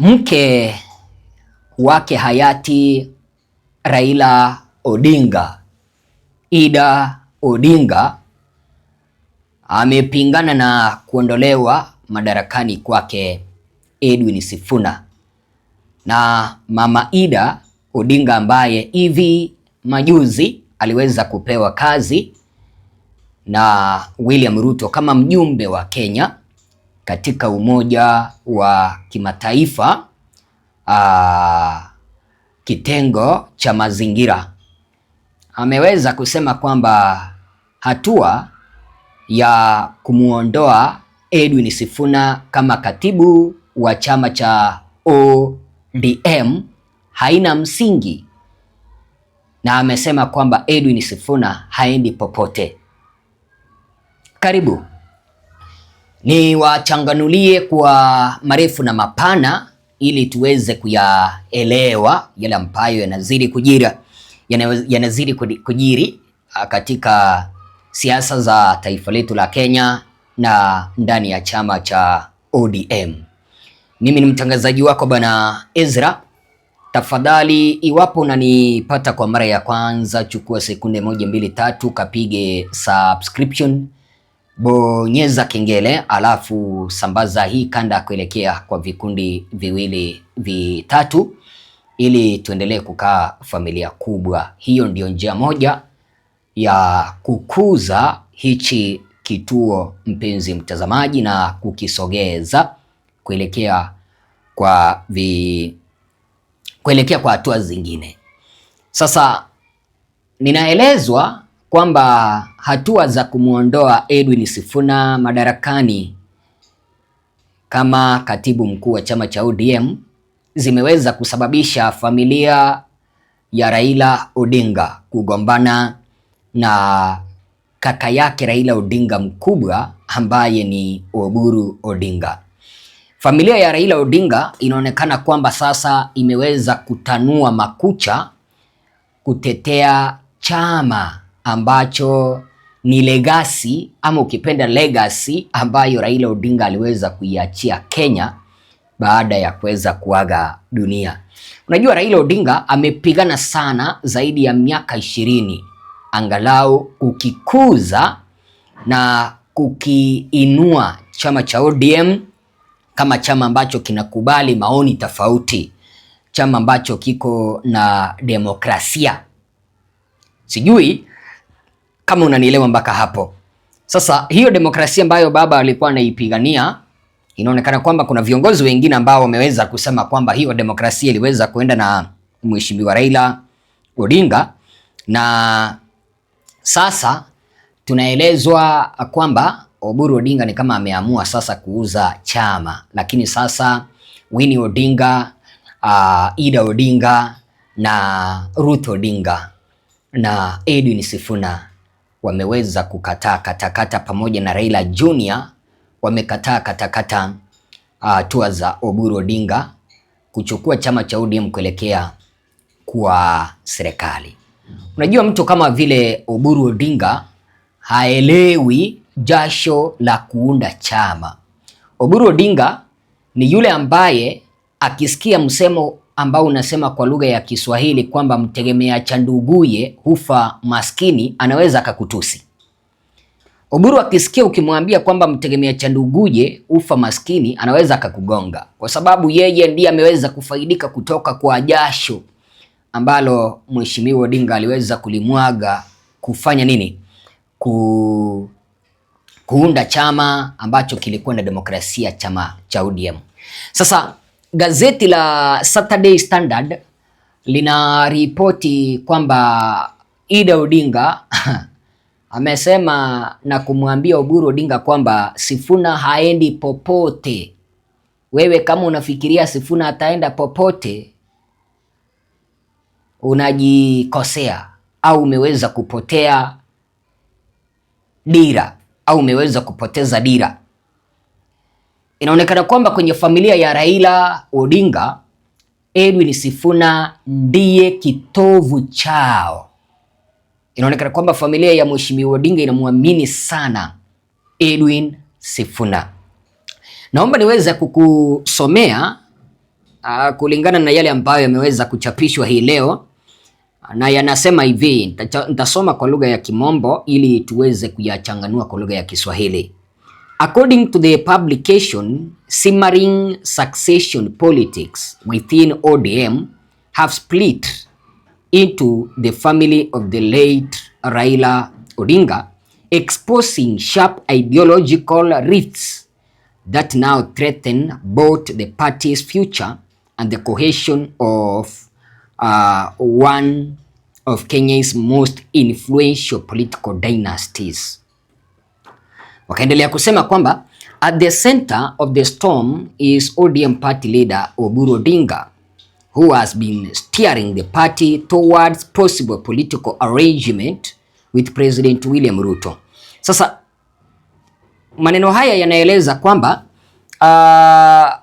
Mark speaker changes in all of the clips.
Speaker 1: Mke wake hayati Raila Odinga, Ida Odinga amepingana na kuondolewa madarakani kwake Edwin Sifuna. Na mama Ida Odinga ambaye hivi majuzi aliweza kupewa kazi na William Ruto kama mjumbe wa Kenya katika Umoja wa Kimataifa aa, ah, kitengo cha mazingira ameweza kusema kwamba hatua ya kumwondoa Edwin Sifuna kama katibu wa chama cha ODM haina msingi, na amesema kwamba Edwin Sifuna haendi popote. Karibu niwachanganulie kwa marefu na mapana ili tuweze kuyaelewa yale ambayo yanazidi kujira yanazidi kujiri ah, katika siasa za taifa letu la Kenya na ndani ya chama cha ODM. Mimi ni mtangazaji wako Bwana Ezra. Tafadhali, iwapo unanipata kwa mara ya kwanza, chukua sekunde moja mbili tatu, kapige subscription bonyeza kengele, alafu sambaza hii kanda kuelekea kwa vikundi viwili vitatu, ili tuendelee kukaa familia kubwa. Hiyo ndiyo njia moja ya kukuza hichi kituo, mpenzi mtazamaji, na kukisogeza kuelekea kwa vi kuelekea kwa hatua zingine. Sasa ninaelezwa kwamba hatua za kumwondoa Edwin Sifuna madarakani kama katibu mkuu wa chama cha ODM zimeweza kusababisha familia ya Raila Odinga kugombana na kaka yake Raila Odinga mkubwa ambaye ni Oburu Odinga. Familia ya Raila Odinga inaonekana kwamba sasa imeweza kutanua makucha kutetea chama ambacho ni legasi ama ukipenda legasi ambayo Raila Odinga aliweza kuiachia Kenya baada ya kuweza kuaga dunia. Unajua, Raila Odinga amepigana sana zaidi ya miaka ishirini angalau kukikuza na kukiinua chama cha ODM kama chama ambacho kinakubali maoni tofauti, chama ambacho kiko na demokrasia. Sijui kama unanielewa mpaka hapo. Sasa hiyo demokrasia ambayo baba alikuwa anaipigania inaonekana kwamba kuna viongozi wengine ambao wameweza kusema kwamba hiyo demokrasia iliweza kuenda na Mheshimiwa Raila Odinga, na sasa tunaelezwa kwamba Oburu Odinga ni kama ameamua sasa kuuza chama, lakini sasa Winnie Odinga uh, Ida Odinga na Ruth Odinga na Edwin Sifuna wameweza kukataa katakata pamoja na Raila Junior wamekataa katakata ah, hatua uh, za Oburu Odinga kuchukua chama cha ODM kuelekea kuwa serikali. Unajua, mtu kama vile Oburu Odinga haelewi jasho la kuunda chama. Oburu Odinga ni yule ambaye akisikia msemo ambao unasema kwa lugha ya Kiswahili kwamba mtegemea cha nduguye hufa maskini, anaweza akakutusi. Oburu akisikia ukimwambia kwamba mtegemea cha nduguye hufa maskini, anaweza akakugonga, kwa sababu yeye ndiye ameweza kufaidika kutoka kwa jasho ambalo mheshimiwa Odinga aliweza kulimwaga kufanya nini, ku kuunda chama ambacho kilikuwa na demokrasia, chama cha ODM. Sasa Gazeti la Saturday Standard lina ripoti kwamba Ida Odinga amesema na kumwambia Oburu Odinga kwamba Sifuna haendi popote. Wewe kama unafikiria Sifuna ataenda popote, unajikosea au umeweza kupotea dira au umeweza kupoteza dira. Inaonekana kwamba kwenye familia ya Raila Odinga, Edwin Sifuna ndiye kitovu chao. Inaonekana kwamba familia ya Mheshimiwa Odinga inamwamini sana Edwin Sifuna. Naomba niweze kukusomea uh, kulingana na yale ambayo yameweza kuchapishwa hii leo na yanasema hivi. Nitasoma kwa lugha ya Kimombo ili tuweze kuyachanganua kwa lugha ya Kiswahili. According to the publication, simmering succession politics within ODM have split into the family of the late Raila Odinga, exposing sharp ideological rifts that now threaten both the party's future and the cohesion of uh, one of Kenya's most influential political dynasties. Wakaendelea kusema kwamba at the center of the storm is ODM party leader Oburu Odinga who has been steering the party towards possible political arrangement with President William Ruto. Sasa maneno haya yanaeleza kwamba uh,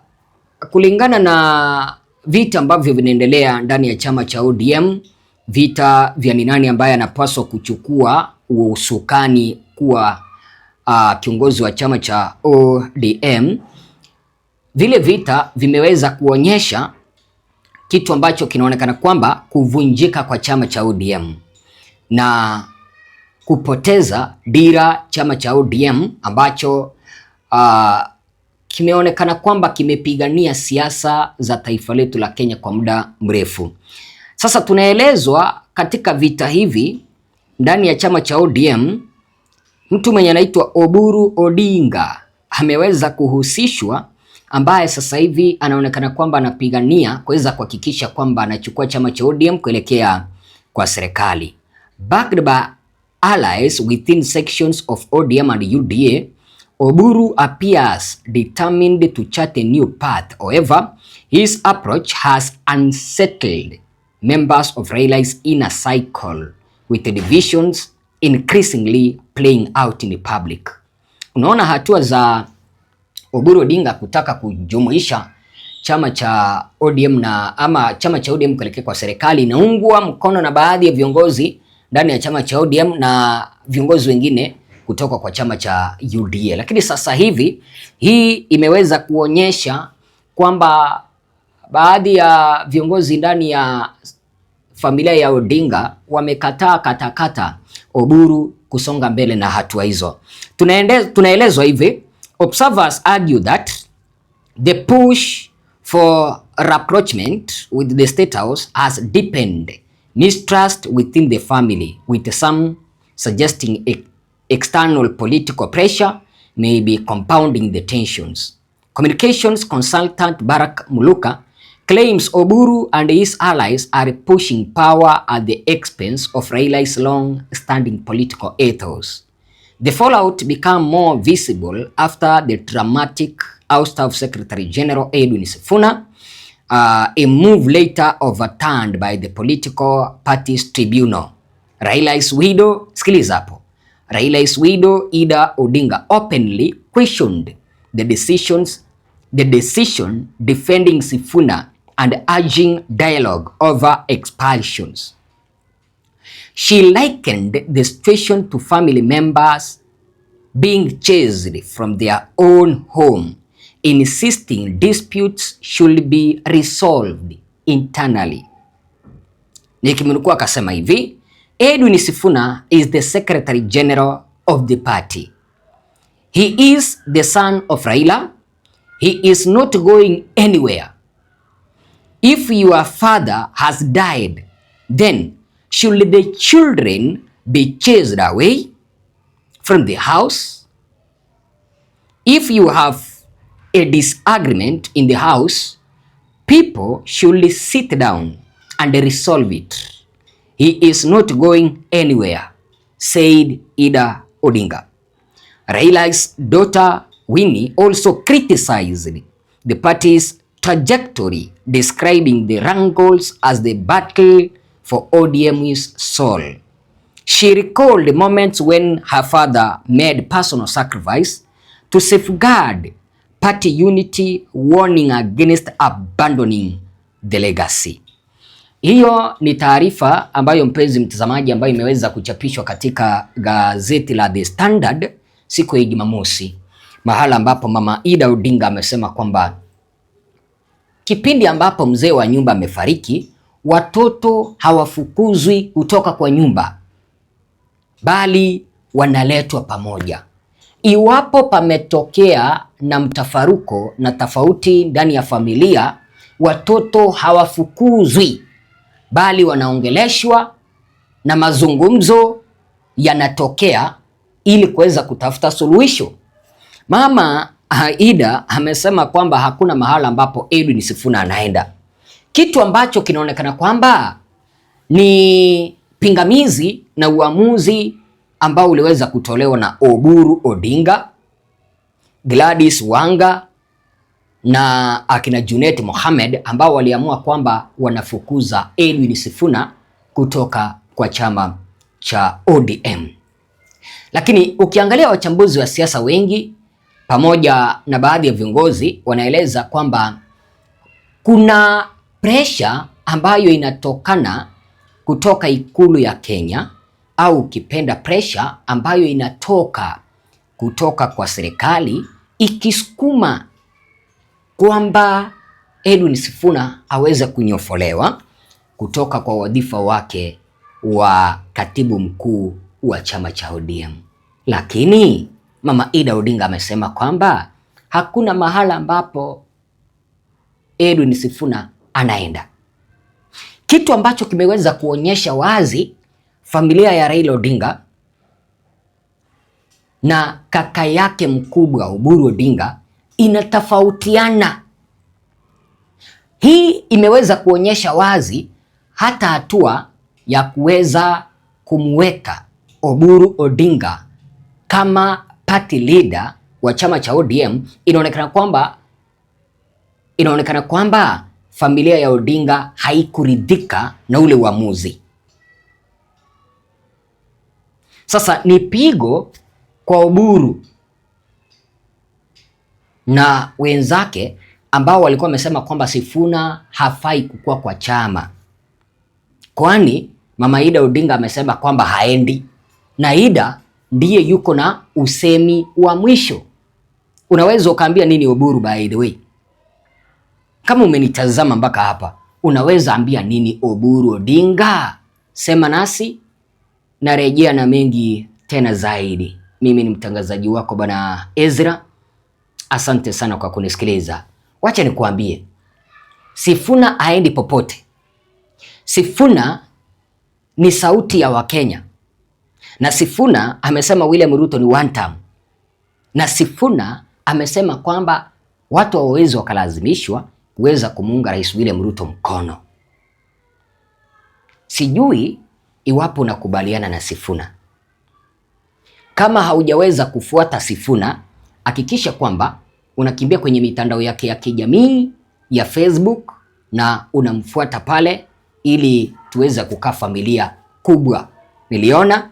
Speaker 1: kulingana na vita ambavyo vinaendelea ndani ya chama cha ODM, vita vya ni nani ambaye anapaswa kuchukua usukani kuwa uh, kiongozi wa chama cha ODM, vile vita vimeweza kuonyesha kitu ambacho kinaonekana kwamba kuvunjika kwa chama cha ODM na kupoteza dira chama cha ODM ambacho uh, kimeonekana kwamba kimepigania siasa za taifa letu la Kenya kwa muda mrefu. Sasa tunaelezwa katika vita hivi ndani ya chama cha ODM mtu mwenye anaitwa Oburu Odinga ameweza kuhusishwa, ambaye sasa hivi anaonekana kwamba anapigania kuweza kuhakikisha kwamba anachukua chama cha ODM kuelekea kwa serikali backed by allies within sections of ODM and UDA. Oburu appears determined to chart a new path. However, his approach has unsettled members of Raila's inner cycle with the divisions increasingly playing out in public. Unaona hatua za Oburu Odinga kutaka kujumuisha chama cha ODM na ama chama cha ODM kuelekea kwa serikali inaungwa mkono na baadhi ya viongozi ndani ya chama cha ODM na viongozi wengine kutoka kwa chama cha UDA. Lakini sasa hivi hii imeweza kuonyesha kwamba baadhi ya viongozi ndani ya familia ya Odinga wamekataa katakata Oburu kusonga mbele na hatua hizo. Tunaelezwa hivi, observers argue that the push for rapprochement with the State House has deepened mistrust within the family with some suggesting e, external political pressure may be compounding the tensions. Communications consultant Barack Muluka claims Oburu and his allies are pushing power at the expense of Raila's long-standing political ethos. The fallout became more visible after the dramatic ouster of Secretary General Edwin Sifuna, uh, a move later overturned by the political parties tribunal. Raila is widow, sikiliza hapo. Raila is widow Ida Odinga openly questioned the decisions the decision defending Sifuna and urging dialogue over expulsions. She likened the situation to family members being chased from their own home, insisting disputes should be resolved internally. Nikimunukua akasema hivi, Edwin Sifuna is the Secretary General of the party. He is the son of Raila. He is not going anywhere. If your father has died, then should the children be chased away from the house? If you have a disagreement in the house, people should sit down and resolve it. He is not going anywhere, said Ida Odinga. Raila's daughter Winnie also criticized the party's trajectory describing the wrangles as the battle for ODM's soul. She recalled moments when her father made personal sacrifice to safeguard party unity, warning against abandoning the legacy. Hiyo ni taarifa ambayo mpenzi mtazamaji, ambayo imeweza kuchapishwa katika gazeti la The Standard siku ya Jumamosi, mahala ambapo Mama Ida Odinga amesema kwamba Kipindi ambapo mzee wa nyumba amefariki, watoto hawafukuzwi kutoka kwa nyumba, bali wanaletwa pamoja. Iwapo pametokea na mtafaruko na tofauti ndani ya familia, watoto hawafukuzwi, bali wanaongeleshwa na mazungumzo yanatokea ili kuweza kutafuta suluhisho. Mama Aida ah, amesema kwamba hakuna mahala ambapo Edwin Sifuna anaenda, kitu ambacho kinaonekana kwamba ni pingamizi na uamuzi ambao uliweza kutolewa na Oburu Odinga, Gladys Wanga na akina Junet Mohamed ambao waliamua kwamba wanafukuza Edwin Sifuna kutoka kwa chama cha ODM. Lakini ukiangalia wachambuzi wa siasa wengi pamoja na baadhi ya viongozi wanaeleza kwamba kuna presha ambayo inatokana kutoka Ikulu ya Kenya au ukipenda presha ambayo inatoka kutoka kwa serikali ikisukuma kwamba Edwin Sifuna aweze kunyofolewa kutoka kwa wadhifa wake wa katibu mkuu wa chama cha ODM, lakini Mama Ida Odinga amesema kwamba hakuna mahala ambapo Edwin Sifuna anaenda, kitu ambacho kimeweza kuonyesha wazi familia ya Raila Odinga na kaka yake mkubwa Oburu Odinga inatofautiana. Hii imeweza kuonyesha wazi hata hatua ya kuweza kumweka Oburu Odinga kama party leader wa chama cha ODM, inaonekana kwamba inaonekana kwamba familia ya Odinga haikuridhika na ule uamuzi. Sasa ni pigo kwa Oburu na wenzake ambao walikuwa wamesema kwamba Sifuna hafai kukua kwa chama, kwani mama Ida Odinga amesema kwamba haendi na Ida ndiye yuko na usemi wa mwisho. Unaweza ukaambia nini Oburu, by the way? Kama umenitazama mpaka hapa, unaweza ambia nini Oburu Odinga? Sema nasi, narejea na mengi tena zaidi. Mimi ni mtangazaji wako bwana Ezra, asante sana kwa kunisikiliza. Wacha nikuambie, Sifuna aendi popote. Sifuna ni sauti ya Wakenya na Sifuna amesema William Ruto ni one term, na Sifuna amesema kwamba watu hawawezi wakalazimishwa kuweza kumuunga Rais William Ruto mkono. Sijui iwapo unakubaliana na Sifuna. Kama haujaweza kufuata Sifuna, hakikisha kwamba unakimbia kwenye mitandao yake ya kijamii ya Facebook na unamfuata pale, ili tuweze kukaa familia kubwa. Niliona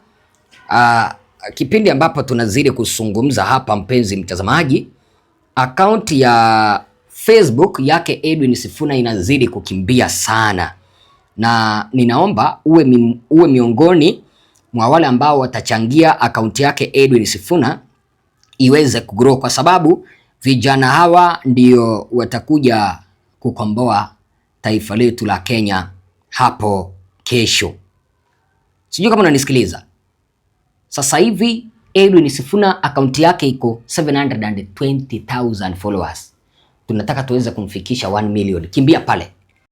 Speaker 1: Ah, kipindi ambapo tunazidi kuzungumza hapa, mpenzi mtazamaji, akaunti ya Facebook yake Edwin Sifuna inazidi kukimbia sana, na ninaomba uwe, uwe miongoni mwa wale ambao watachangia akaunti yake Edwin Sifuna iweze kugrow, kwa sababu vijana hawa ndio watakuja kukomboa taifa letu la Kenya hapo kesho. Sijui kama unanisikiliza. Sasa hivi Edwin Sifuna akaunti yake iko 720,000 followers. Tunataka tuweze kumfikisha 1 million. Kimbia pale.